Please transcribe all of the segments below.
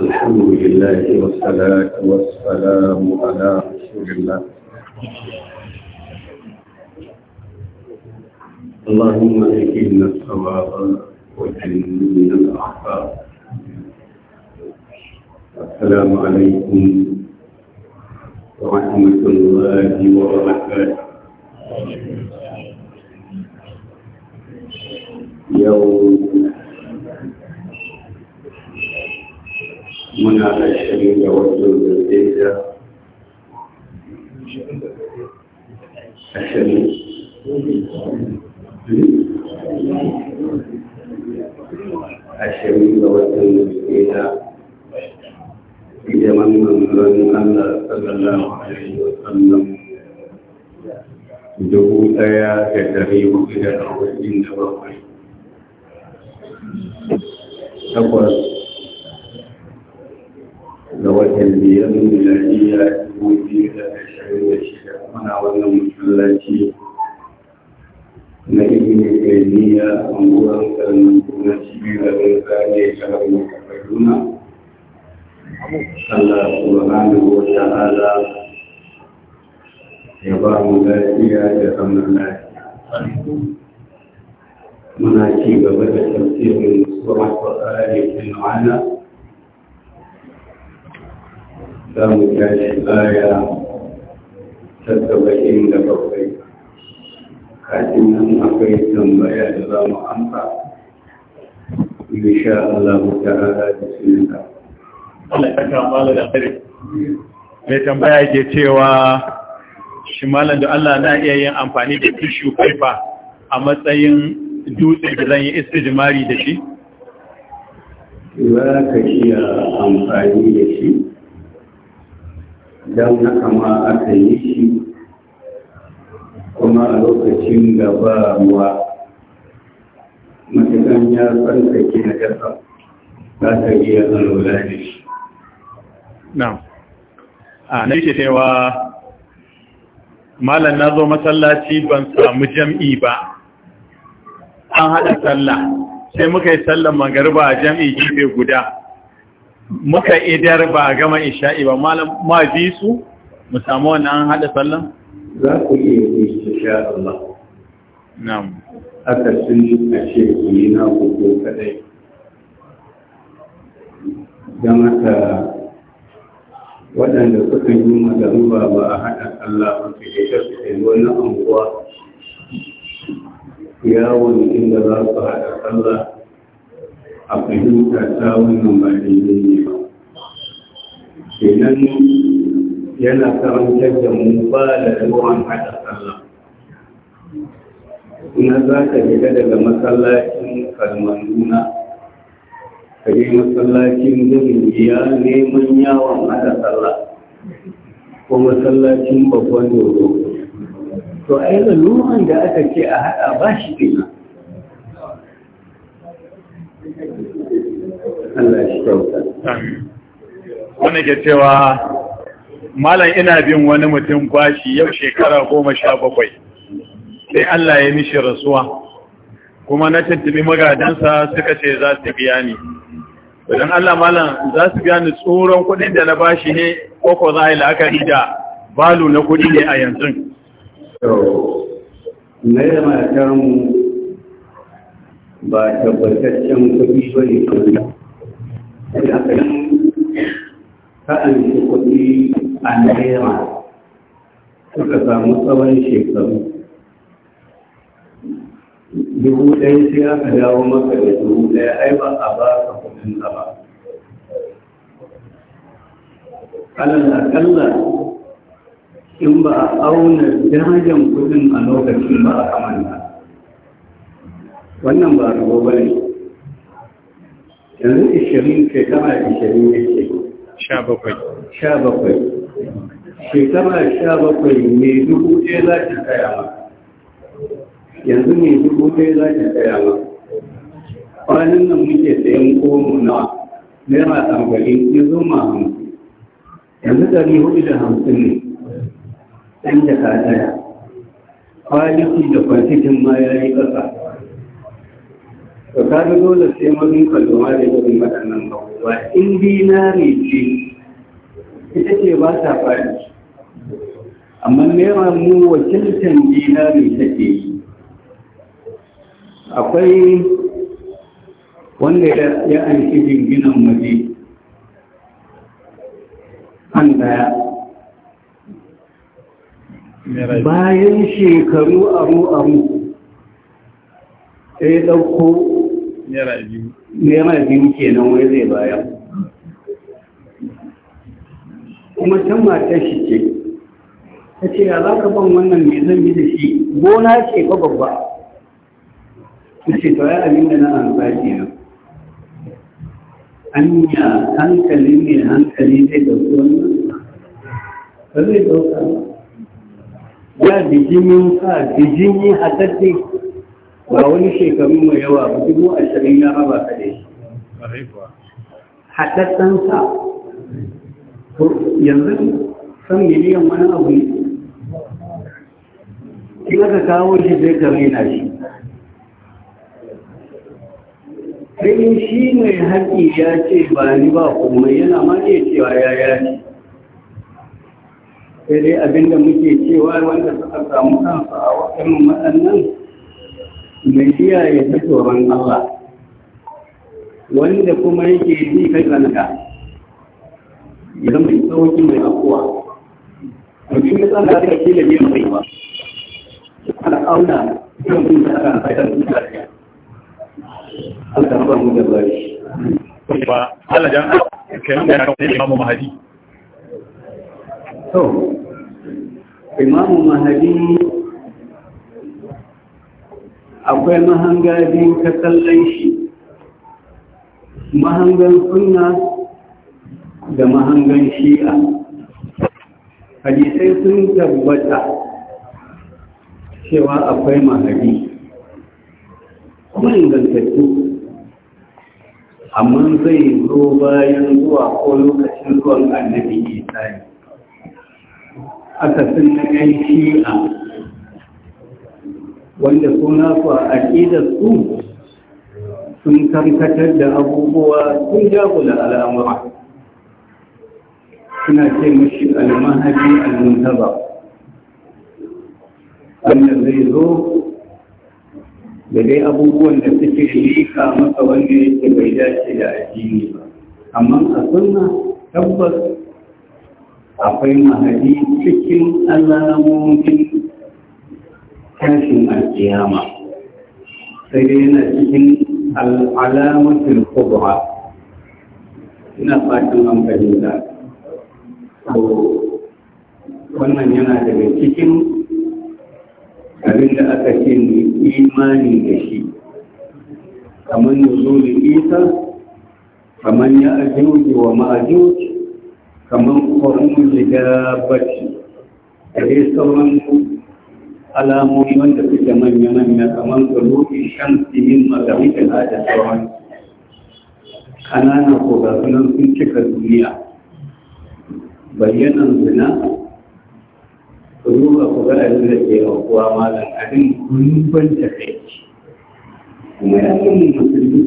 الحمد لله والصلاة والسلام على رسول الله اللهم اهدنا الصواب وجنبنا الأحباب السلام عليكم ورحمة الله وبركاته يوم muna ashirin da wasu zaizaita ashirin ashirin da wasu zai zaizaita zaman manzon Allah sallallahu alaihi wa sallam dubu ɗaya da dari hudu da arba'in da bakwai takwas ga watan biyar miladiya dubu biyu da ashirin da shida muna wannan masallaci na ibn taymiya anguwan kalmar na cibiyoyin zane jihar kaduna Allah subhanahu wa ta'ala ya ba mu lafiya da zaman lafiya muna ci gaba da tafsirin suratul ali bin ala za mu tashi baya ta saba'in da bakwai kafin nan akwai tambaya da za mu amsa insha Allah ta'ala da sunna Allah ya saka mala da tsare mai tambaya ke cewa shi malam da Allah na iya yin amfani da tissue paper a matsayin dutse da zan yi istijmari da shi za ka iya amfani da shi don haka ma aka yi shi kuma a lokacin da ba ruwa matakan ya tsarkake na ƙasa za ta iya alwala da shi na na yake cewa malar na zo masallaci ban samu jam'i ba an haɗa sallah sai muka yi sallan magariba a jam'i gefe guda muka idar ba gama isha'i ba malam ma bi su mu samu wannan hada sallan za ku iya yi insha Allah na'am aka sun a ce ku yi na ku ko kadai don haka waɗanda suka yi magaruba ba a haɗa Allah ba ke shafi ta wani anguwa yawon inda za ku haɗa Allah a fahimta ta wannan ba daidai ne ba kenan yana karantar da mu ba da ruwan haɗa sallah Ina za ka shiga daga masallacin kalmanduna ka je masallacin gudun biya neman yawon haɗa sallah ko masallacin babban doro to a yi da aka ce a haɗa ba shi kenan Allah wani ke cewa malam ina bin wani mutum bashi yau shekara goma sha bakwai sai Allah ya mishi rasuwa kuma na tattabi magadansa suka ce za su biya ni wajen Allah malam za su biya ni tsoron kudin da na bashi ne koko za a yi la'akari da balu na kudi ne a yanzu na yi matan ba tabbataccen kudi ba ne sai aka yi ka'anci kuɗi a naira suka samu tsawon shekaru dubu ɗaya sai aka dawo maka da dubu ɗaya ai ba a ba ka kuɗin ka alal akalla in ba auna darajar kuɗin a lokacin wannan ba a ba ne yanzu ishirin shekara ishirin ya ce sha bakwai shekara sha bakwai mai dubu ɗaya za ki tsaya ma yanzu mai dubu ɗaya za ki tsaya ma kwanan nan muke sayan komo na naira tambarin ya zo ma hamsin yanzu ɗari hudu da hamsin ne ɗan jaka ɗaya kwaliki da kwantikin ma ya yi ƙasa to ka ga dole sai mun kalma da irin waɗannan ba. in dinari ce ita ce ba ta faɗi amma naira mu wakiltan dinari take yi akwai wanda ya aiki jinginan waje an daya bayan shekaru aru aru sai ɗauko naira biyu naira biyu kenan wai zai baya kuma can matar shi ce ta ce ya za ka ban wannan mai zan yi da shi gona ce ba babba ta ce to ya abin da na amfani na hanya hankali mai hankali zai dauki wannan ba zai dauka ya bijimin ka bijimi hatattai ba wani shekaru mai yawa ba dubu ashirin ya raba ka da shi haɗaɗɗansa yanzu san miliyan wani abu ne in aka kawo shi zai ka raina shi sai shi mai haɗi ya ce ba ni ba kuma yana ma iya cewa ya ya ce sai dai abinda muke cewa wanda suka samu kansa a waɗannan waɗannan mai kiyaye ta tsoron Allah wanda kuma yake ji kai kanka ya zama sauki mai afuwa mutum ya tsara da kila biyan mai ba ana auna kan kun da aka faitar da Allah ta ba mu da bari ba Allah kai da ka kai imamu mahadi to imamu mahadi akwai mahanga biyu ka kallon shi mahangan sunna da mahangan shi'a hadisai sun tabbata cewa akwai mahadi kuma ingantattu amma zai zo bayan zuwa ko lokacin ruwan annabi isa aka sun na yan shi'a wanda suna su a aƙidar su sun karkatar da abubuwa sun jagula al'amura suna ce mashi almahadi al-muntaba wanda zai zo da dai abubuwan da suke rika masa wanda yake bai dace da addini ba amma a sunna tabbas akwai mahadi cikin alamomin tashin alƙiyama sai dai yana cikin al'alamatin kubra ina fatan an fahimta wannan yana daga cikin abin da aka ce ne imani da shi kamar nuzulin isa kamar ya ajuji wa ma'ajuji kamar kwarin da dabbaci da dai sauran alamomi wanda suke manya-manya kamar lokacin shan simin mazari da hada sauran kanana ko ga sunan sun cika duniya bayyanan zina ku duba ku ga abin da ke aukuwa malam abin gurbin da kai kuma ya yi musulmi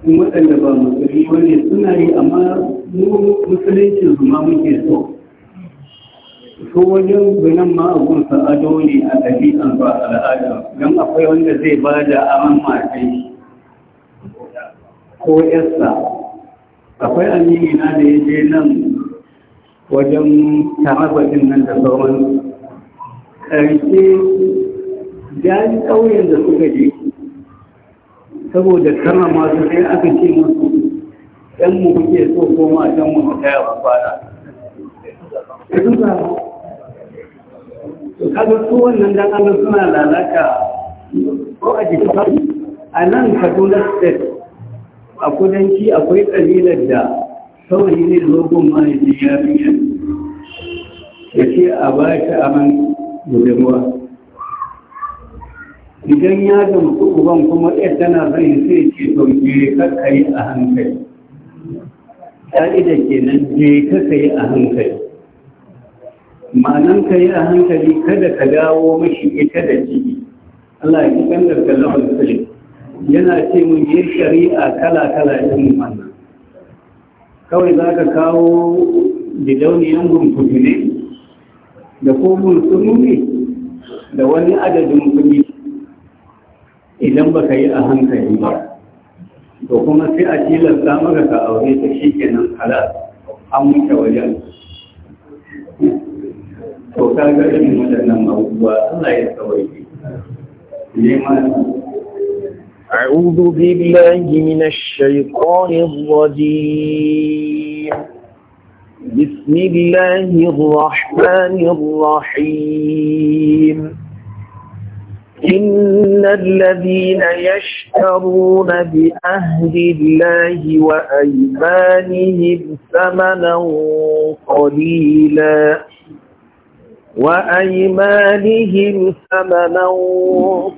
kuma waɗanda ba musulmi wani suna yi amma musulunci zuma muke so ko wajen gunan ma Sa'ado ado ne a ɗabi'an ba al'ada don akwai wanda zai ba da aman matan ko yasa akwai amini na da ya je nan wajen tarabatin nan da sauran ƙarshe jari ƙauyen da suka je saboda kama su sai aka ce musu ɗan mu kuke so koma ɗan mu ba yawa da kada su wannan dan Allah suna lalaka ko a jikin a nan Kaduna state a kudanci akwai kalilar da sauri ne zogon mai jiyariya ya ce a ba shi man gudunwa idan ya gamsu uban kuma ɗaya tana zai sai ce sauke je kakka a hankali ke kenan je kakka yi a hankali ma'anan ka yi a hankali kada ka dawo mashi ita da jini Allah ya ji kandar kallon yana ce mun yi shari'a kala-kala irin wannan kawai za ka kawo gidauniyan gumfutu ne da ko gunsuru ne da wani adadin kuɗi idan ba ka yi a hankali ba to kuma sai a tilasta maka ka aure ta shi kenan halar an wuce wajen to ka ga irin waɗannan abubuwa Allah ya أعوذ بالله من الشيطان الرجيم بسم الله الرحمن الرحيم إن الذين يشترون بأهل الله وأيمانهم ثمنا قليلا وأيمانهم ثمنا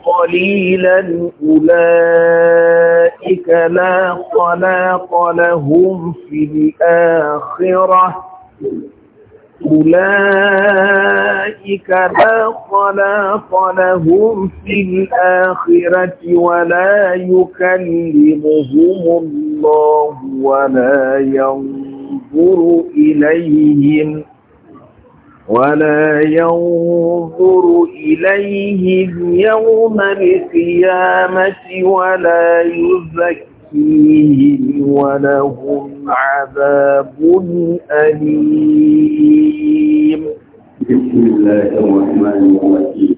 قليلا أولئك لا خلاق لهم في الآخرة أولئك لا خلاق لهم في الآخرة ولا يكلمهم الله ولا ينظر إليهم ولا ينظر إليهم يوم القيامة ولا يزكيهم ولهم عذاب أليم بسم الله الرحمن الرحيم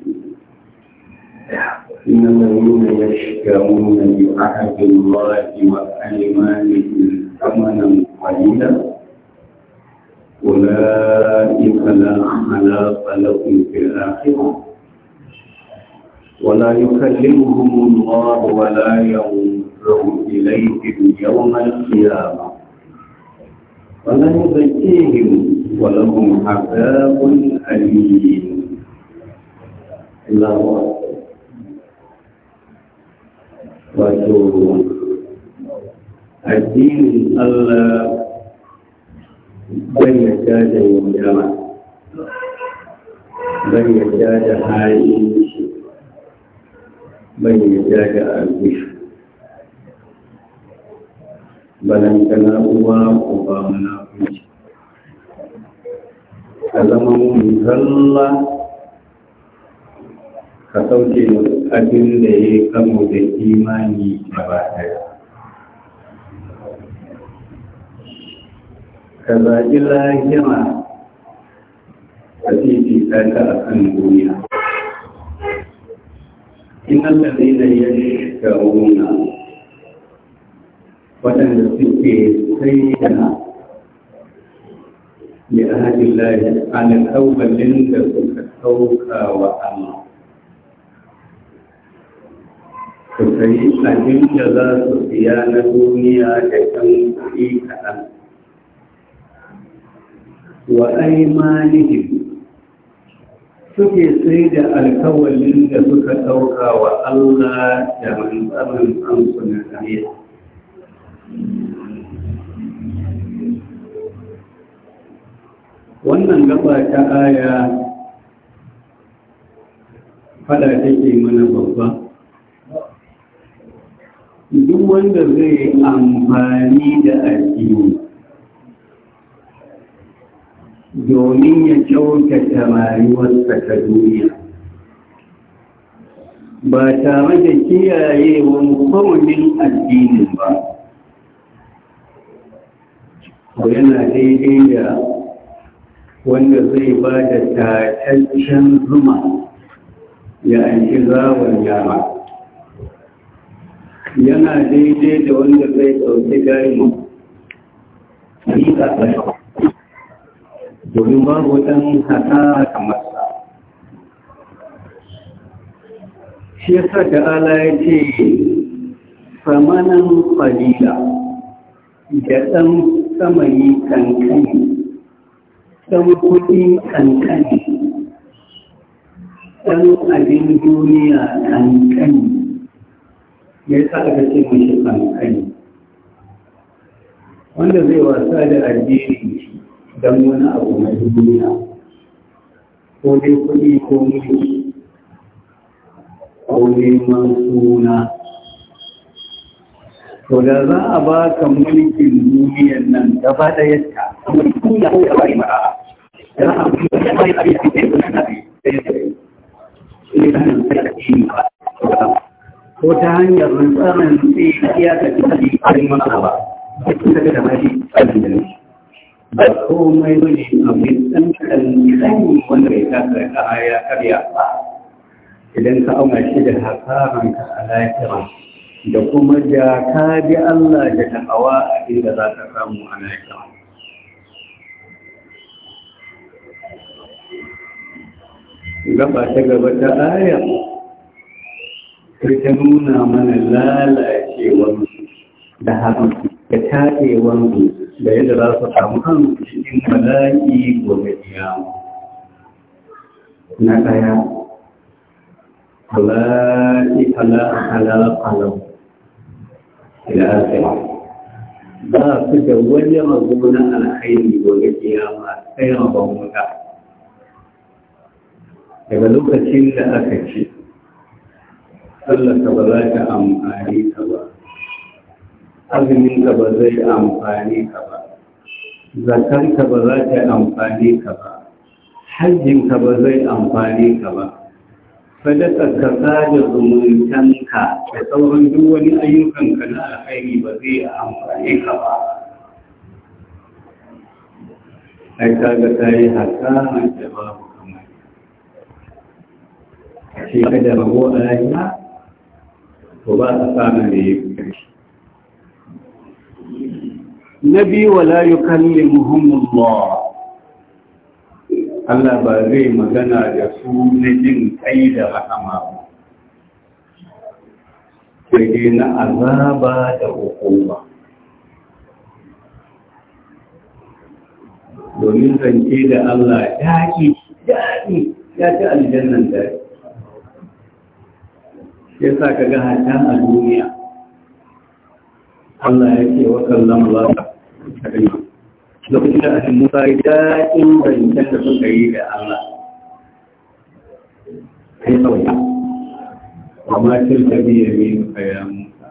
إن الذين يشكرون بعهد الله وأيمانهم ثمنا قليلا أولئك لا خلاق لهم في الآخرة ولا يكلمهم الله ولا ينظر إليهم يوم القيامة ولا يزكيهم ولهم عذاب أليم إلا الله أكبر الدين الله bai yarda da yaudara bai yarda da halin shi bai yarda da albishi na uwa ko ba munafunci ka zama mun zalla ka sauke abin da ya kamo da imani gaba daya ka zaɓi lahira ka fifita ka a kan duniya. Ina kalli da ya shiga waɗanda suke sayyana ya haɗi lahi a na da suka ɗauka wa amma. Ku sayi abin za su biya na duniya da ɗan kuɗi kaɗan. wa aimanihim suke sai da alkawalin da suka ɗauka wa Allah da manzanin kansu na kariya. Wannan gaba ta aya fada take mana babba. Duk wanda zai amfani da addini. domin ya tamari wasu ta duniya ba tare da kiyaye wani musamman addinin ba ko yana daidai da wanda zai ba da tataccen zuma ya aiki zawon yara yana daidai da wanda zai ɗauki gari a domin babu ɗan hasara kamar sa shi yasa da ala ya ce samanan falila da ɗan samayi kankani ɗan kuɗi kankani ɗan abin duniya kankani ya sa aka ce mashi kankani wanda zai wasa da addini don wani abu na duniya ko dai kuɗi ko mulki ko neman suna to da za a ba ka mulkin duniyan nan gaba ɗayarta duniya ko da bari mara da a kuma da bari a yi ko ta hanyar tsarin tsaye iya ta tafi a yi masa ba, ta tafi da mashi tsarin da ne. ba komai ba ne abin ɗan kaɗan wanda ya tasar ka ya karya ba idan ka auna shi da hasaranka a lafiya da kuma da ka bi Allah da ta'awa a inda za ka samu a lafiya gaba ta gaba ta aya ta nuna mana lalacewar da haɗu da taɗewar da yadda za su samu kan cikin bala'i gobe kiyama na ɗaya bala'i ala ala alam ila asira ba su da wani rabu na alhaini gobe kiyama sai rabon wuta daga lokacin da aka ce Allah ka ba za ka amfani ta ba azumin ka ba zai amfani ka ba zakar ka ba za ta amfani ka ba hajjin ka ba zai amfani ka ba sadaka ka sada zumuntanka da sauran duk wani ayyukan ka na alkhairi ba zai amfani ka ba ai ga ta yi hasanar da babu kamar shi da rabo a rayuwa to ba a samun da yi na biyu wala yukallimuhum Allah Allah ba zai magana da su na jin kai da rahama ba sai na azaba da hukuma domin zance da Allah daɗi daɗi ya ci aljannan ya sa ka ga hata a duniya الله يكفي وكلم الله كريما لو كنت في المفايدات بين كنت سيدة الله أي طويلة وما تلك بيمينك يا موسى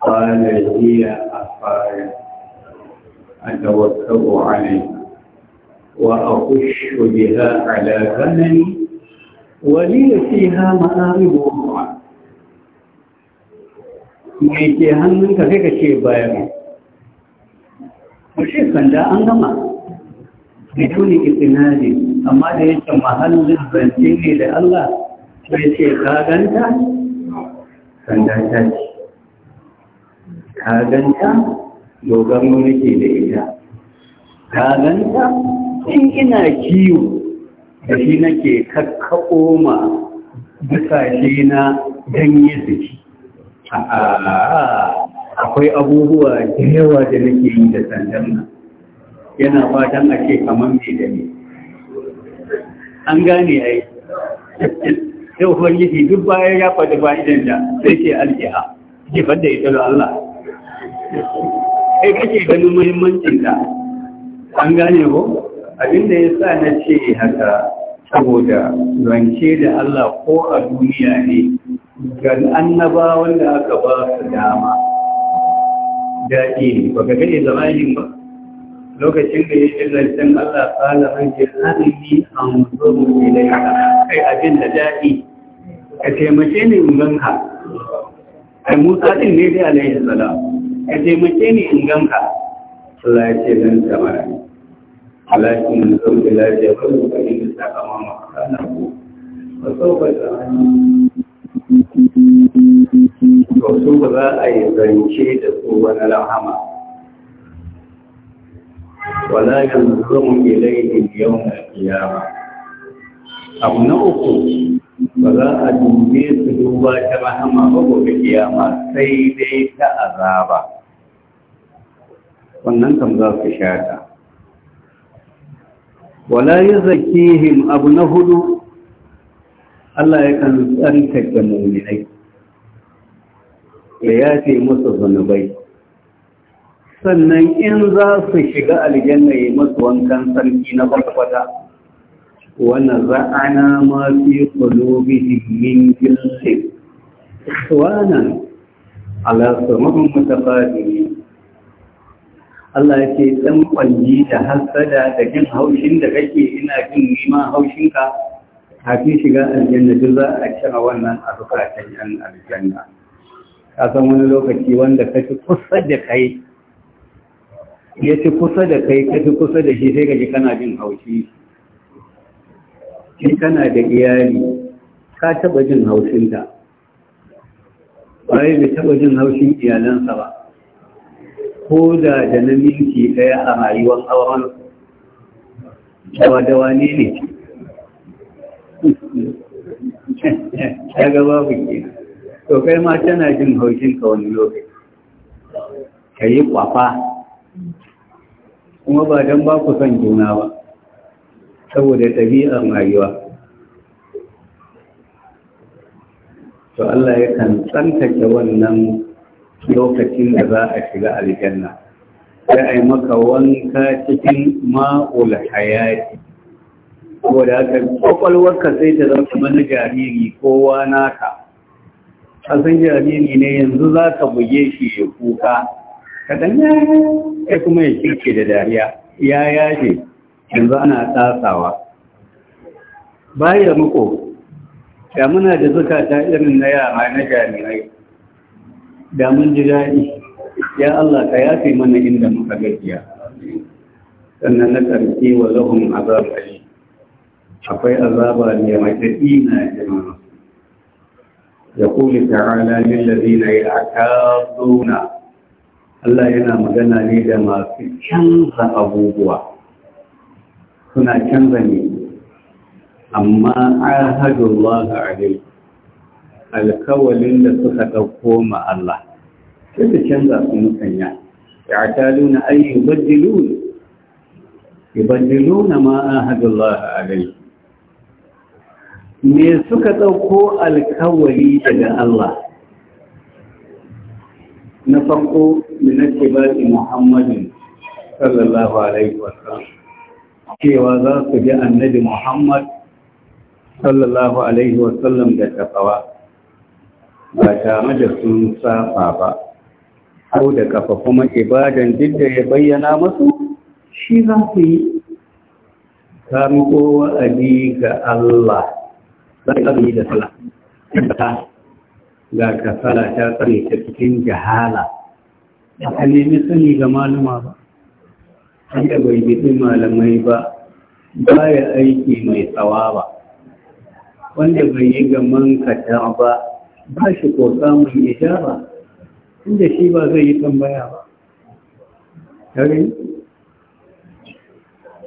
قال هي عصاي أتوكأ عليها وأخش بها على فمني ولي فيها مآرب mai ke hannunka sai ka ce bayan mashi sanda an gama mai tuni itinari amma da yake mahallin zance ne da Allah sai ce ka ganta sanda ta ce ka ganta dogaro da ita ka ganta in ina kiwo da shi nake kakkaɓo ma bisashe na ganye jiki akwai abubuwa da yawa da nake yi da sandan nan yana fatan a ce kamar mai da ne an gane ya yi kuma ubangiji duk bayan ya faɗi fa'idan da sai ce aljiha ke fadda ita tsaro Allah kai kake ganin muhimmancin ta an gane ko abinda ya sa na ce haka saboda zance da Allah ko a duniya ne ga annaba wanda aka ba su dama daɗi ne ba ga gane zamanin ba lokacin da ya ce zancen Allah tsala ran hannu an zuru ilai kai abin da daɗi ka taimake ni in ganka ai musa din ne dai alaihi salam ka taimake ni in ganka Allah ya ce nan tamara alakin mun zuru lafiya ba bari ka yi sakamama kana ku ba sau ba to su ba za a yi zance da su wani rahama wala yanzuru ilayhim yawm al-qiyamah abu na uku ba za a dube su duba ta rahama ba gobe kiyama sai dai ta azaba wannan kam za su shata wala yuzakkihim abu na hudu Allah ya kan tsarkake mu'minai ya yafe musu zunubai sannan in za su shiga aljanna ya masu wankan sarki na kwata-kwata wannan za'ana ma fi qulubihim gilse, wannan ikhwanan mafi sirrin ne. Allah ce ɗan kwanji da hasada da jin haushin da kake ina jin nima haushinka hafi shiga aljanna duk za a cire wannan a zukatan yan aljanna ka san wani lokaci wanda ka fi kusa da kai ya fi kusa da kai ka fi kusa da shi sai ka ji kana jin haushi shi kana da iyali ka taba jin haushinta Bayan bai taba jin haushin iyalansa ba ko da da na minti ɗaya a rayuwar auren dawa-dawa ne ne Ya babu to kai ma tana jin haushin ka wani lokaci ka yi kwafa kuma ba don ba ku son juna ba saboda tabi'ar rayuwa to Allah ya kan wannan lokacin da za a shiga aljanna sai a yi maka wanka cikin ma'ul hayati saboda haka kwakwalwarka sai ta zama kamar na jariri kowa naka san jariri ne yanzu za ka buge shi ya kuka kaɗan ya kuma ya cike da dariya ya yaje yanzu ana tsatsawa. baya muku da muna da zukata irin na yara na jarirai. da mun ji daɗi ya Allah ka yafe mana inda muka gajiya sannan na ƙarfi wa lahum azab alim akwai azaba ne mai daɗi na jama'a ya kuli ta'ala lillazina ya'tazuna Allah yana magana ne da masu canza abubuwa suna canza ne amma ahadullah alai alkawalin da suka ɗauko ma Allah sai su canza su musanya ya'tazuna ay yubaddiluna yubaddiluna ma ahadullah alai me suka ɗauko alkawari daga Allah na farko da na baɗi Muhammadu, sallallahu Alaihi wasallam cewa za su ji annabi Muhammad sallallahu Alaihi wasallam da kafawa ba tare da sun safa ba ko da kafa kuma ibadan duk da ya bayyana masu shi za su yi ka miƙo wa'adi ga Allah za ka azumi da sallah ta ga kasala ta tsare ta cikin jahala ba ka nemi sani ga maluma ba an bai bai biɗi malamai ba ba ya aiki mai tsawa ba wanda bai yi gaman kata ba ba shi ko samun ba. inda shi ba zai yi tambaya ba kare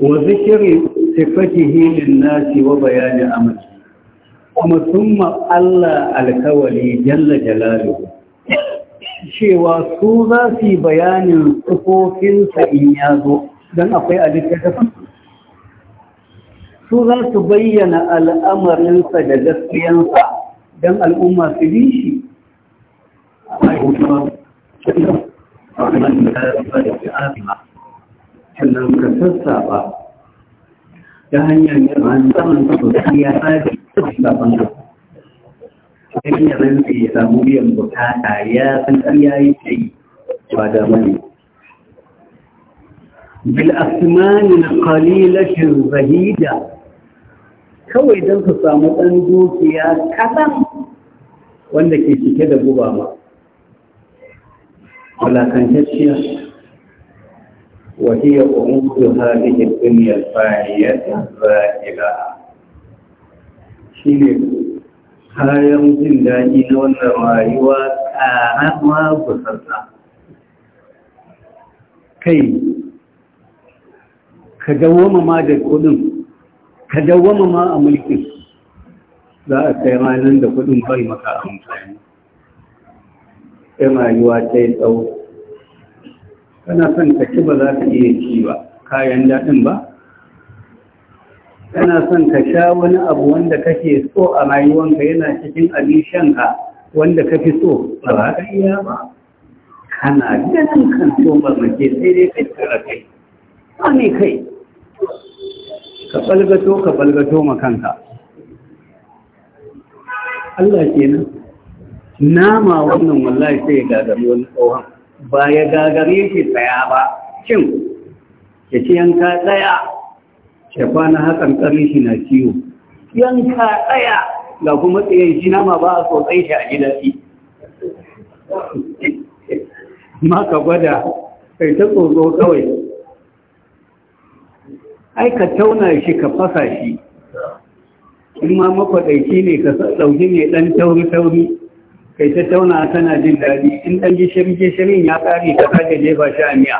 wa zikiri sifatihi lin nasi wa bayani amali kuma sun Allah alkawali jalla jalalu cewa su za su yi bayanin tsufofinsa in ya zo don akwai a littattafin su za su bayyana al'amarinsa da gaskiyansa don al'umma su bi shi a ka sassa ba ta hanyar yin saman saman ya tsari kafin ya rantse ya samu biyan bukata ya san ƙarya yi ce ba da mani bil asmanin qalilatin zahida kawai don su samu ɗan dukiya kaɗan wanda ke cike da guba ma walakantacciya وهي أمور هذه الدنيا الفانية الزائلة shi ne kayan jin daɗi na wannan rayuwa ƙarama gusarsa kai ka dawoma ma da kudin ka dawoma ma a mulkin za a kai ranar da kudin bai maka amfani sai rayuwa ta yi tsawo kana son ka ci ba za ka iya ci ba kayan daɗin ba kana son ka sha wani abu wanda kake so a rayuwanka yana cikin abin shanka wanda ka fi so ba ba ka iya ba kana ganin kan so mamake sai dai kai tsara kai ba ne kai ka balgato ka balgato ma kanka Allah ke nan, nama wannan wallahi sai ya gagari wani tsohon ba ya gagare shi tsaya ba cin ya ce yanka tsaya ya kwana hakan karin shi na ciwo yanka tsaya ga kuma tsayen shi nama ba a sosai shi a gida shi ma ka gwada kai ta tsotso kawai ai ka tauna shi ka fasa shi in ma makwaɗaici ne ka ɗauki mai ɗan tauri-tauri kai ta tauna tana jin daɗi in ɗan gishirin gishirin ya ƙare ka kaje jefa shi a miya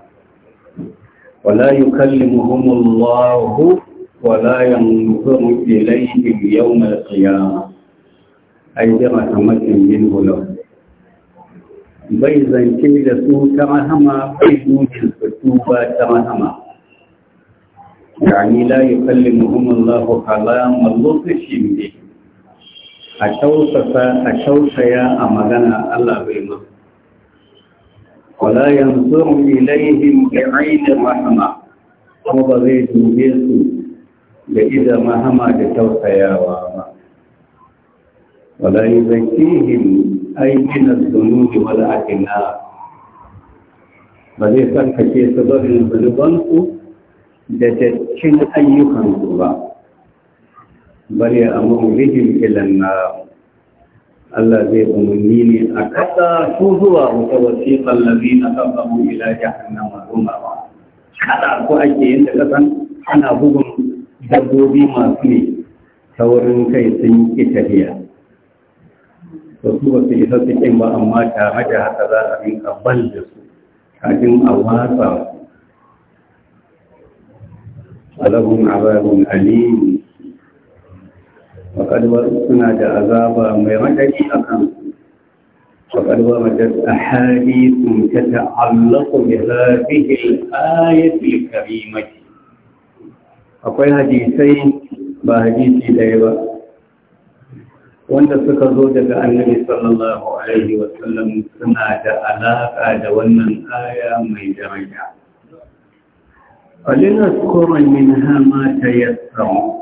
ولا يكلمهم الله ولا ينظر إليهم يوم القيامة أي برحمة منه له bai zance da su ta rahama bai dujin su ba ta rahama yani la yukallimuhum Allah kalama lokacin ne a tausasa a tausaya a magana Allah bai musu wala yanzuru ilaihim bi aini rahma kuma ba zai dube su da idan mahama da tausayawa ba wala yuzakkihim ay min adh-dhunubi wal aqna ba zai sarkace su barin zulubansu da dattin ayyukansu ba bal ya amuru bihim ilan nar Allah zai umarni ne a kasa su zuwa wata wasiƙar labi na kafafu ila jahannama rumawa kada ko ake yin da kasan ana bugun dabbobi masu ne ta wurin kai sun ƙi tafiya wasu su ba su isa su ba amma tare da haka za a rinka bal da su kafin a watsa alahun alim faƙarwar suna da azaba mai raɗaɗi a kan faƙarwar matar a hadisun ta ta'allaku da zafihin ayatul akwai hadisai ba hadisi ɗaya ba wanda suka zo daga annabi sallallahu alaihi suna da alaƙa da wannan aya mai daraja. Alina skoron min hama ta yassara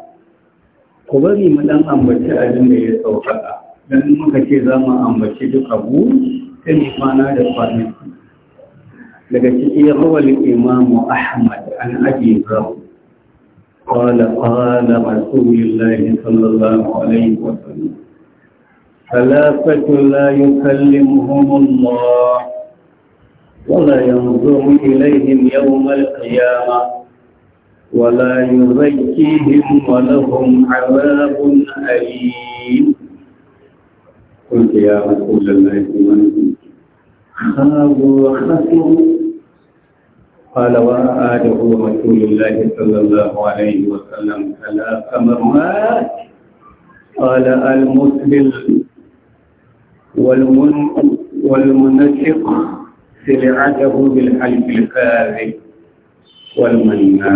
ku bari mu dan ambaci abin da ya sauƙaƙa dan muka ce za mu ambaci duk abu ta kwana da kwanaki daga cikin rawar imamu ahmad an abi zau قال قال رسول الله صلى الله عليه وسلم ثلاثة لا يكلمهم الله ولا ينظر إليهم يوم القيامة ولا يزكيهم ولهم عذاب أليم قلت يا رسول الله من خابوا وخسروا قال وآله رسول الله صلى الله عليه وسلم ثلاث مرات قال المسبل والمن والمنشق سلعته بالحلف الكاذب wannan na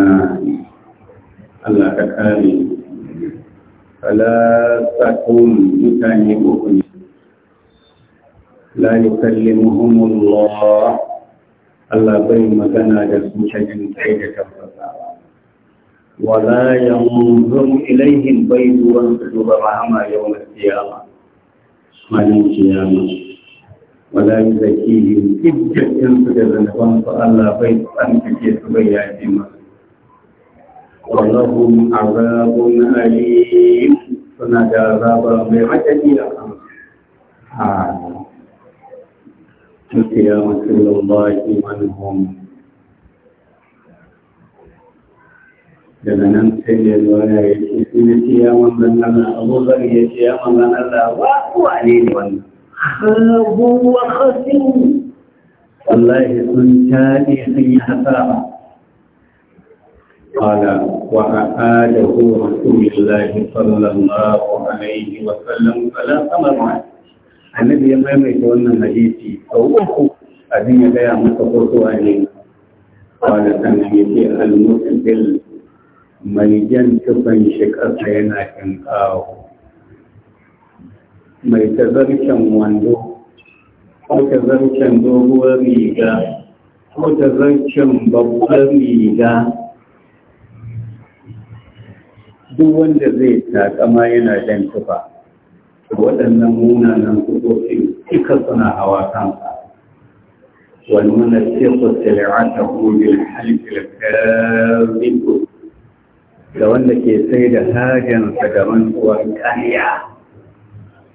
Allah ka kare ala sakun mutane uku ne lai kalli muhimmanullah Allah bai magana da su canjin kai da tabbata wa la yanzur ilaihim baydu wa sudur rahama yawm al-qiyamah malik yawm wala yi zakihin hujjatinsu da su Allah bai tsarkake su bai yaji masu walahum azabun alim suna da azaba mai raɗaɗi a kan a tukiya matsalin baki manhum daga nan sai da zuwa ya ce sun yi ciya manzan Allah abubuwan ya ce ya manzan Allah wa ne ne wannan خابوا وخسروا والله sun taɗe sun yi hasara قال وأعاده رسول الله صلى الله عليه وسلم فلا ثمر annabi ya maimaita wannan hadisi sau uku abin ya gaya masa kotuwa ne wanda sannan ya al-musil mai jan tufan shi kasa yana kin mai tazarcen wando ko tazarcen doguwar riga ko tazarcen babbar riga duk wanda zai takama yana jan tufa waɗannan munanan kudofin duka suna hawa kansa والمنسق سلعته بالحلف الكاذب da wanda ke sai da hajjansa da rantsuwar ƙarya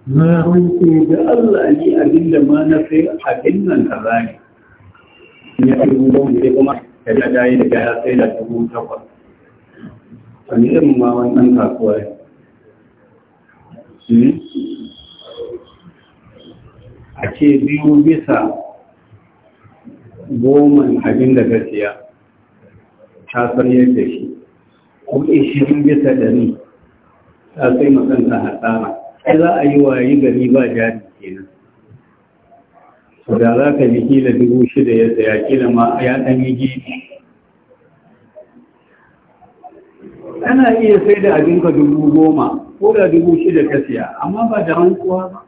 na rantse da Allah ni abin da ma na sai abin nan ka zane ya fi ruwan da kuma ka ja dayi da gaya sai da dubu takwas wani irin ma wannan kasuwa ne hmm? a ce biyu bisa goman abin da ka siya ta san yadda shi ko ishirin bisa da ni ta sai makanta hasara sai za a yi wayi gari ba jari kenan da za ka ji kila dubu shida ya tsaya, kila ma ya ɗan yi gefe ana iya sai da abinka dubu goma ko da dubu shida ka siya amma ba da rantsuwa ba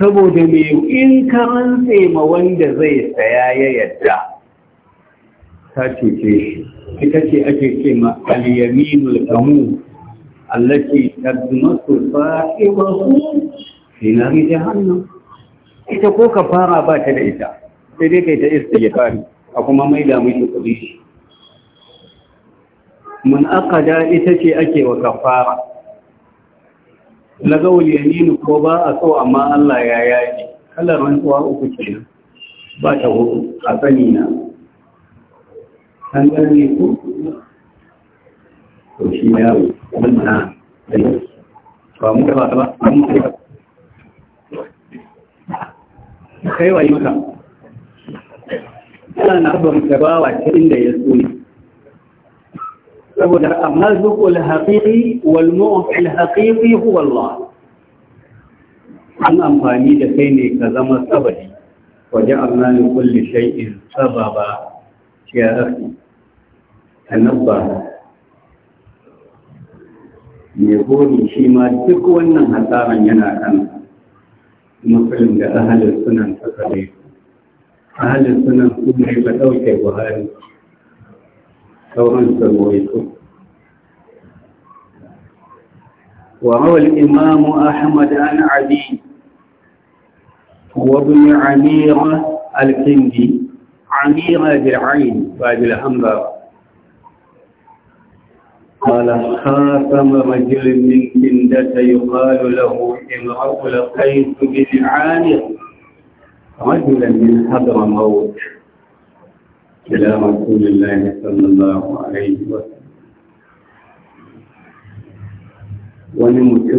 saboda me in ka rantse ma wanda zai saya ya yadda ta cuce shi ita ce ake ce ma al-yaminul kamu allati tadmatu fa'ibahu fi nar jahannam ita ko kafara ba ta da ita sai dai kai ta istighfari a kuma mai da miki shi. mun da ita ce ake wa kafara lagawul yamin ko ba a so amma Allah ya yaji kalar rantsuwa uku kenan ba ta hudu a sani na an gane ku أيوة. أيوة، أيوة. الملزق الحقيقي والمؤمن الحقيقي هو الله أن أمهاني دفيني كزم السبدي وجعلنا لكل شيء سببا يا أخي النظر mai gori shi ma duk wannan hasaran yana kan musulun da ahalin sunan suka ne ahalin sunan su ne ka ɗauke buhari sauran sarwaito وروى الإمام أحمد عن عدي وابن عميرة الكندي عميرة بالعين بعد الحمراء قال خاتم رجل من كندة يقال له رجل لقيت بن عامر رجلا من حضر موت إلى رسول الله صلى الله عليه وسلم ونمت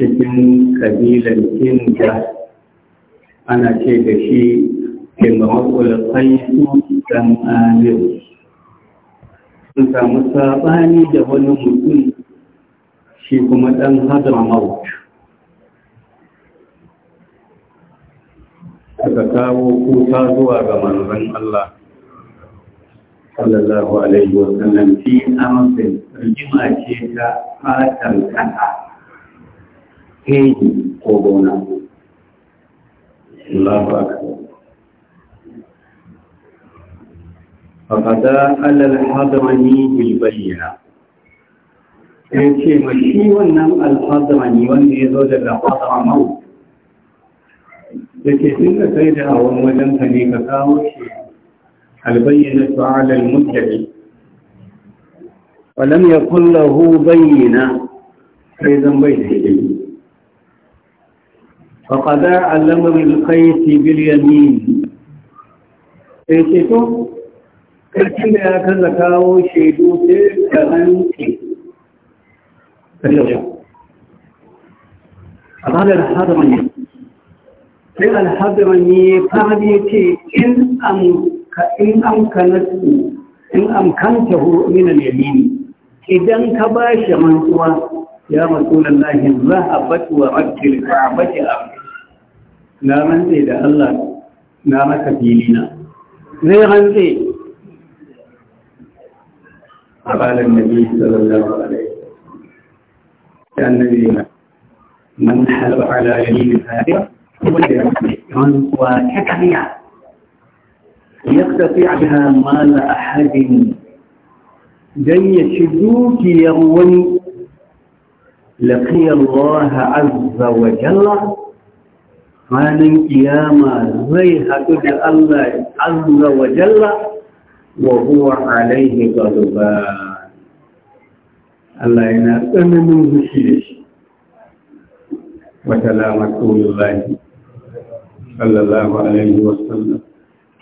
cikin kabilan الكندة ana ce da shi taimako da saifu dan amiru sun samu saɓani da wani mutum shi kuma ɗan hadramaut aka kawo kuta zuwa ga manzon Allah sallallahu alaihi wa sallam fi amsin rigima ce ta fatan kasa heji ko gona Allahu akbar faƙada alal hadarani bayyana. ya ce ma shi wannan alhadarani wanda ya zo daga hadarmau ya ce sun ka kai da awon wajen ka ne ka kawo shi albayyana su alal mutane walam ya kullahu bayyana sai zan bai da shi faƙada alamar alkaisi bilyamin ya ce to ƙarfin da ya kalla kawo shaidu sai ka hanci a ba da alhazarani sai alhazarani ya fahimci ya ce in amkanatu in amkanta minan yamini idan ka ba shi mantuwa ya matsulan lahin za a batuwa rabbil ka'abati a na rantse da Allah na maka filina zai rantse قال النبي صلى الله عليه وسلم النبي من حل على يمين الآخرة وكتبها يقتطيع بها مال أحد جي شدوك يغوني لقي الله عز وجل ranar قيامه زي haɗu الله عز وجل وهو عليه غضبان الله ينعم منه شيش وسلام رسول الله صلى الله عليه وسلم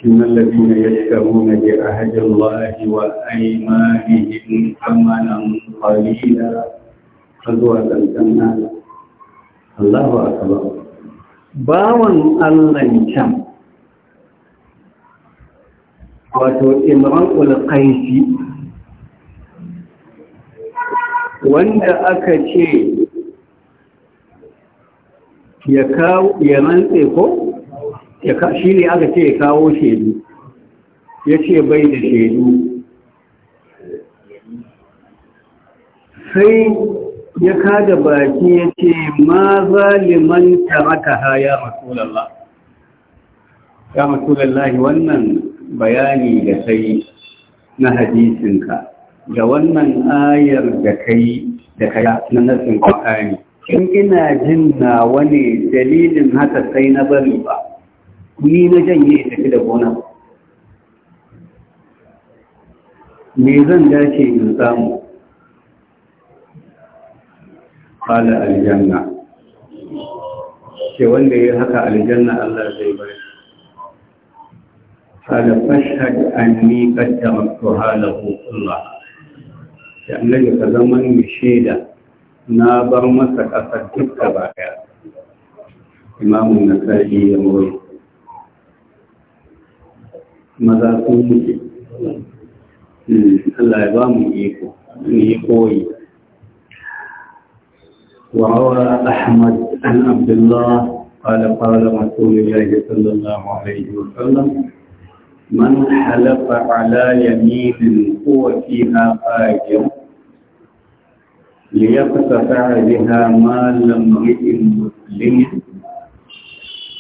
ان الذين يشترون بعهد الله وايمانهم ثمنا قليلا قد خذوا الجنه الله اكبر باون الله ينعم wato imran qaisi wanda aka ce ya kawo ya rantse ko shi ne aka ce ya kawo shedu ya ce bai da shedu sai ya kada baki ya ce ma zaliman taraka ha ya rasulallah ya rasulallah wannan bayani da kai na hadisinka da wannan ayar da kai da kaya na nasin kwakani in ina jin nawa ne dalilin haka sai na bari ba ni na janye tafi da gona me zan dace in samu kala aljanna ke wanda ya haka aljanna Allah zai bari قال فاشهد أني قد تركتها له الله النبي زمن مشيدا نابر مسك أسد جبت إمام النسائي يروي ماذا قلت الله Allah ya ba وروى أحمد عن عبد الله قال قال رسول الله صلى الله عليه وسلم من حلف على يمين هو فيها فاجر ليقتطع بها مال امرئ مسلم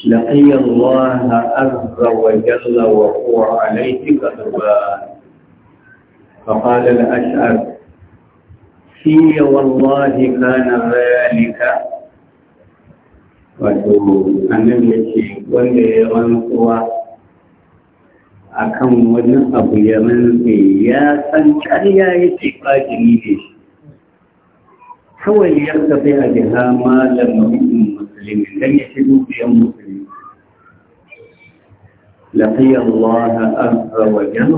لقي الله عز وجل وهو عليه كذبان فقال الاشعث في والله كان ذلك wato annabi ya ce wanda akan wani abu ya mantse ya san ƙarya ya ce ƙajiri ne shi kawai ya sai a jiha malam mutum musulmi don ya ci dukiyan musulmi لقي الله عز وجل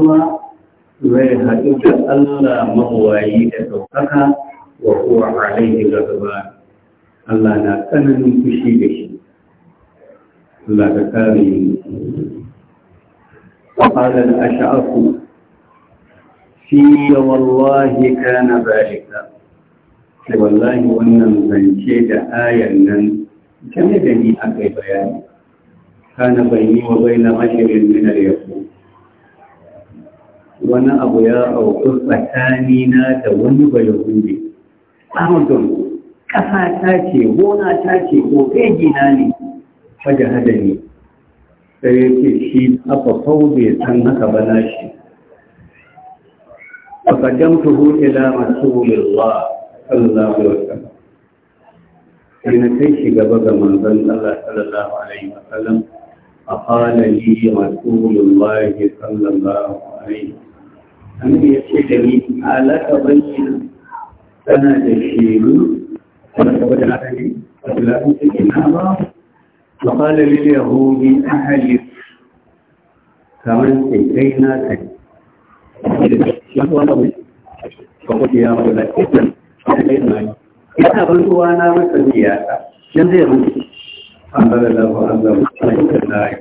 zai haɗu da Allah mawayi da ɗaukaka wa kuwa alaihi gaba Allah na tsananin fushi da shi Allah ka kare وقال الأشعث في والله كان ذلك wallahi wannan zance da ayan nan game da ni a kai bayani kana bayani wa baina mashirin min al wani abu ya auku tsakani da wani bayahudi amazon kasa ta ce gona ta ce ko na ne fajar hada ne sai ya ce shi aka fau bai san haka ba na shi a kajan tuhu ila rasulullah sallallahu alaihi wasallam sai na kai shi gaba ga manzon Allah sallallahu alaihi wasallam a fara yi rasulullah sallallahu alaihi annabi ya ce da ni alaka bayyana tana da shiru wanda saboda haka ne a tulatin cikin nama. فقال لليهود أهل كمن سيدينا فقلت يا رب العالمين ina ban ruwa na masa biyata yan zai rufe an bada da ba an zama tsaye da yi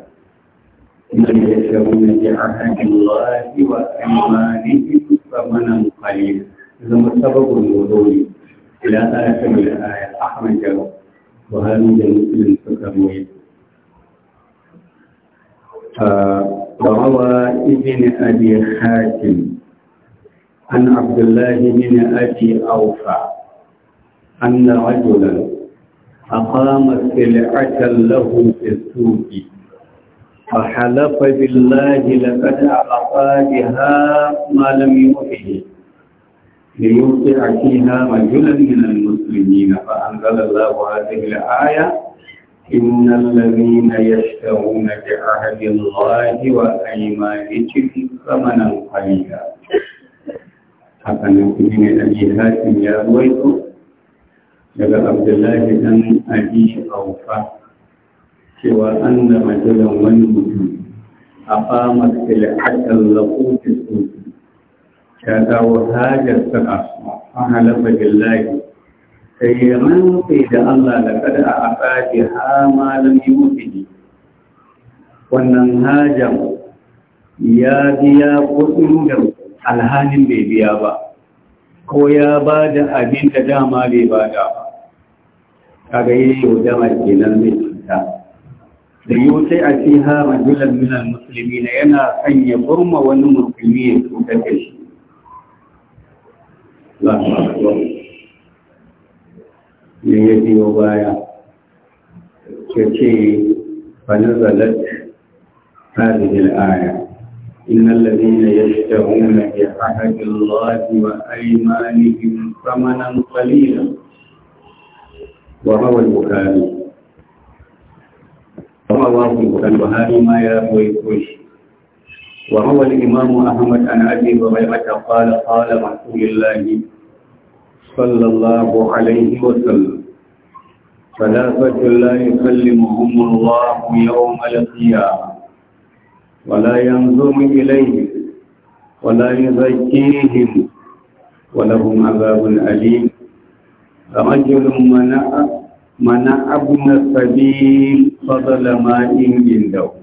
ina da ya shabu na ji a hajjin lafi wa tsammani ba mana sababin wuri ila ta rashin da aya wa halin da musulun suka mai a rawa ibn abi hatim an abdullah ibn abi awfa ان رجلا اقام سلعه له في السوق فحلف بالله لقد اعطى بها ما ليوقع فيها رجلا من المسلمين فأنزل الله هذه الآية إن الذين يشترون بعهد الله وأيمانهم ثمنا قليلا حتى من الجهات يا رويت لقى عبد الله بن أبي أوفى سوى أن رجلا ومسلم أقامت سلعة اللقوط السلطان ta hajar sa'a a halafa billahi sai ya rantse da Allah da kada a asafi ha malam yi mutuni wannan hajar ya biya kudin da alhalin bai biya ba ko ya ba da abin da dama bai ba da ba kaga yi yau dama kenan mai cuta da yau sai a ce ha rajulan musulmi na yana sanya burma wani musulmi ya cutar da shi láàpapọ̀ níye bí wọ́n bá yà kẹ́kẹ́ panazalat hadihi al'aya innal ladina yashtaruna bi ahadi allahi wa aymanihim thamanan qalila wa huwa al-bukhari wa huwa al-bukhari ma yarawi kushi وهو الإمام أحمد عن أبي هريرة قال قال رسول الله صلى الله عليه وسلم ثلاثة لا يكلمهم الله يوم القيامة ولا ينظر إليهم ولا يزكيهم ولهم عذاب أليم رجل منع منع ابن السبيل فضل ماء عنده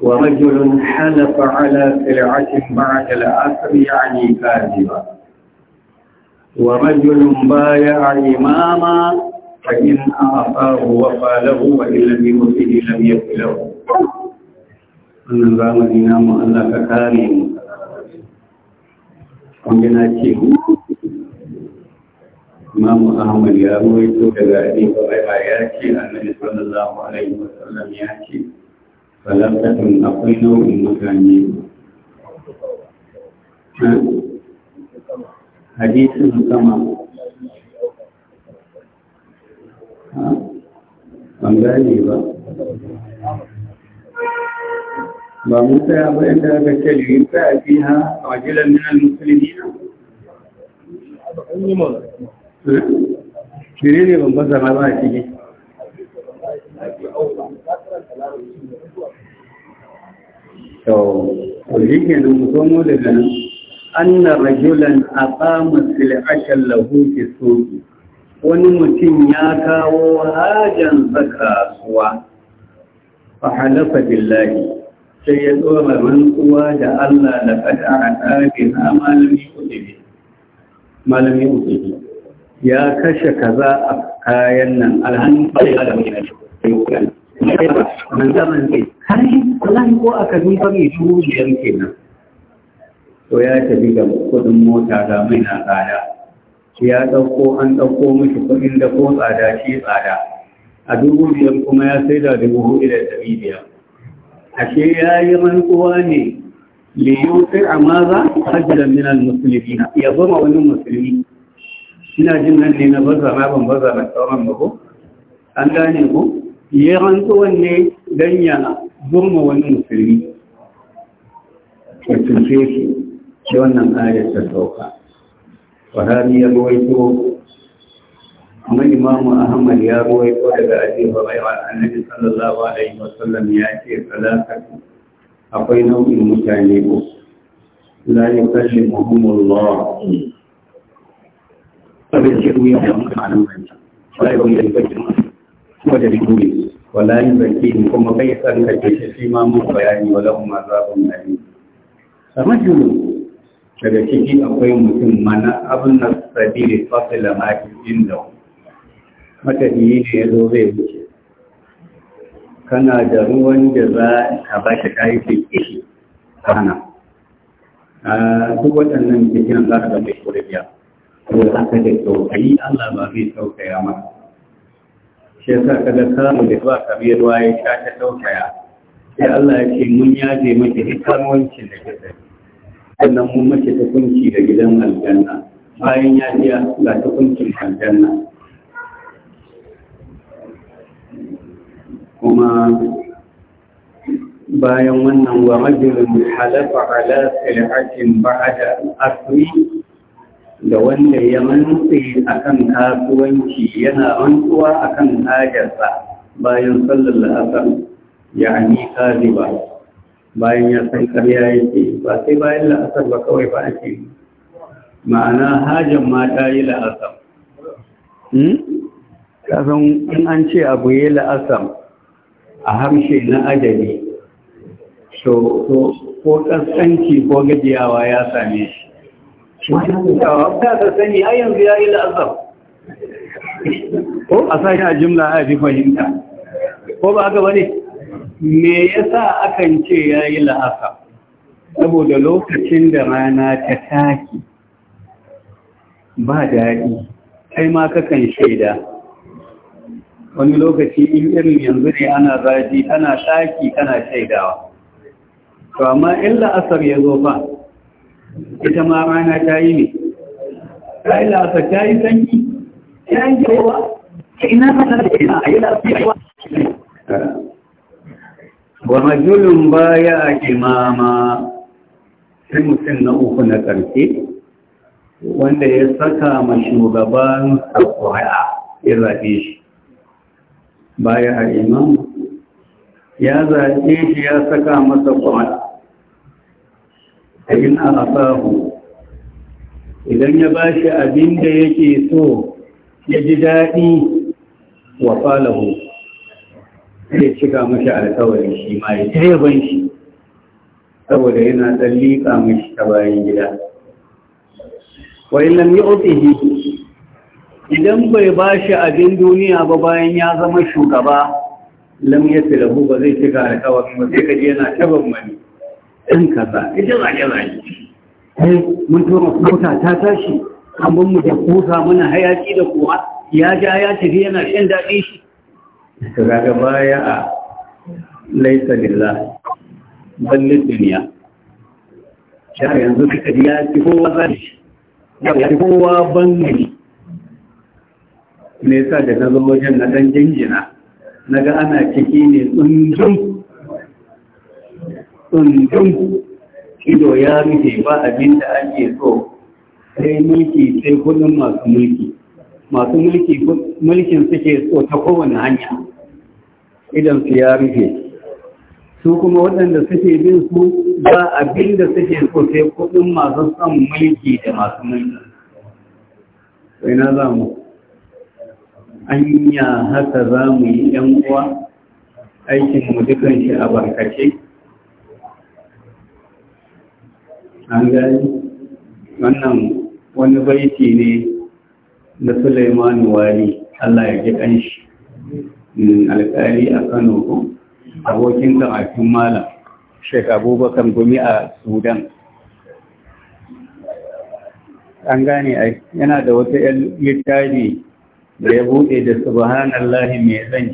ورجل حلف على سلعه بعد الاثر يعني كاذبا ورجل بايع اماما فان اعطاه وفى له وان لم يؤته لم يف له ان الرام الامام انك كريم وجنا شيخ امام احمد يا رويت كذا ابي هريره ياتي ان النبي صلى الله عليه وسلم ياتي falafatan akwai nau'in mutane hadisin sama ban gane ba ba musa ya bayan da aka ce liyin ta a fi ha a wajilan minan musulmi na shirye ne ban basa ba a ciki to shi ke nan ku daga nan anna rajulan aqama sil'atan lahu wani mutum ya kawo hajan saka kasuwa fa halafa billahi sai ya tsora rantsuwa da Allah da kada a tsari na malami kuɗi malami ya kashe kaza a kayan nan da mai ɗaya ba nan zaman kai har yi wallahi ko aka ni dubu biyar kenan to ya tafi ga kuɗin mota ga mai na tsada ya ɗauko an ɗauko mishi kuɗin da ko tsada shi tsada a dubu biyar kuma ya sai da dubu hudu da ɗari biyar ashe ya yi rantsuwa ne liyutar a maza hajjiran minal musulmi ya zama wani musulmi ina jin nan ne na baza ma ban baza bazara tsawon mako an gane ku ya rantsuwan wanne don ya zurma wani musulmi ya cuce shi shi wannan ayar ta sauka Buhari ya ruwaito amma imamu ahamad ya ruwaito daga ajiyar rayuwar annabi sallallahu alaihi wasallam ya ce salakatu akwai nau'in mutane ko la yukallimuhumullah abin shi ruwa ya mutane a nan ruwa wajen rikuri wala yi zaki ne kuma bai tsarkake shi shi ma mu bayani wala kuma zaɓin na yi sama julu daga ciki akwai mutum mana abin na sabiri da maki inda matafiyi ne ya zo zai wuce kana da ruwan da za ka ba shi kayi fi kishi kana duk waɗannan bikin za ka ga mai kuriya ko haka da tsokayi allah ba zai saukaya masa shi yasa kaga samu da ba biyar waye sha ta daukaya sai Allah ya ce mun yaje miki hikamanci da kisa sannan mun mace ta kunci da gidan aljanna bayan ya ji ga ta kunci aljanna kuma bayan wannan wa rajulun halafa ala sil'atin ba'da asri da wanda ya mantse akan kasuwanci yana rantsuwa akan hajarsa bayan sallar la'asar ya kazi ba. bayan ya san karya yake ba sai bayan la'asar ba kawai ba ake ma'ana hajar ma ta yi la'asar hmm? kasan in an ce abu ya la'asar a harshe na ajali so ko kaskanci ko gajiyawa ya same shi ta ta sani ko a shi a jimla a fi fahimta ko ba aka ba ne me yasa akan ce ya yi saboda lokacin da rana ta taki ba daɗi kai ma kakan shaida wani lokaci in irin yanzu ne ana zafi ana taki kana shaidawa to amma in la'asar ya zo ba ita ma rana ta yi ne ta yi lafa ta yi sanyi ta yi yawa ta ina ta yi lafi yawa wa majulun baya a imama sai mutum na uku na ƙarfe. wanda ya saka ma shugaban ƙwaya ya zaɓe shi baya a imama ya zaɓe shi ya saka masa ƙwaya in a idan ya ba shi abin da yake so ya ji daɗi wa falahu ya cika mashi alkawarin shi ma ya taiban shi saboda yana ɗan liƙa mashi ta bayan gida wa yi yu'tihi idan bai ba shi abin duniya ba bayan ya zama shugaba lam yasilahu ba zai cika alkawarin ba zai kaji yana taban mani ɗan kaza ya ji zage zage kai eh, mun tura mota ta tashi an ban mu da kusa mana hayaki da kuwa ya ja ya tafi yana shan daɗi shi ga baya a laisa lilla, ballin duniya ya yanzu kaka ya ci kowa zari ya kowa ban ne sa da na zo wajen na ɗan jinjina na ga ana ciki ne tsundun tsundum ido ya rufe ba abin da ake so sai mulki sai kudin masu mulki masu mulki mulkin suke so ta kowane hanya idan su ya rufe su kuma waɗanda suke bin su ba abin da suke so sai kudin masu son mulki da masu mulki sai na za mu anya haka za mu yi ‘yan uwa aikinmu dukan shi a barkace an gani wannan wani baiti ne na Suleiman wari Allah ya ji kanshi mm, alƙali a Kano ko abokin kamakin malam shek Abubakar Gumi a Sudan an gane a yana da wata yan littafi da ya buɗe da Lahi mai zan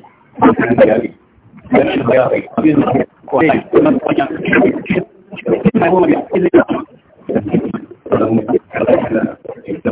yi 金牌后面一直走吗？不能，不能，不能，一直走。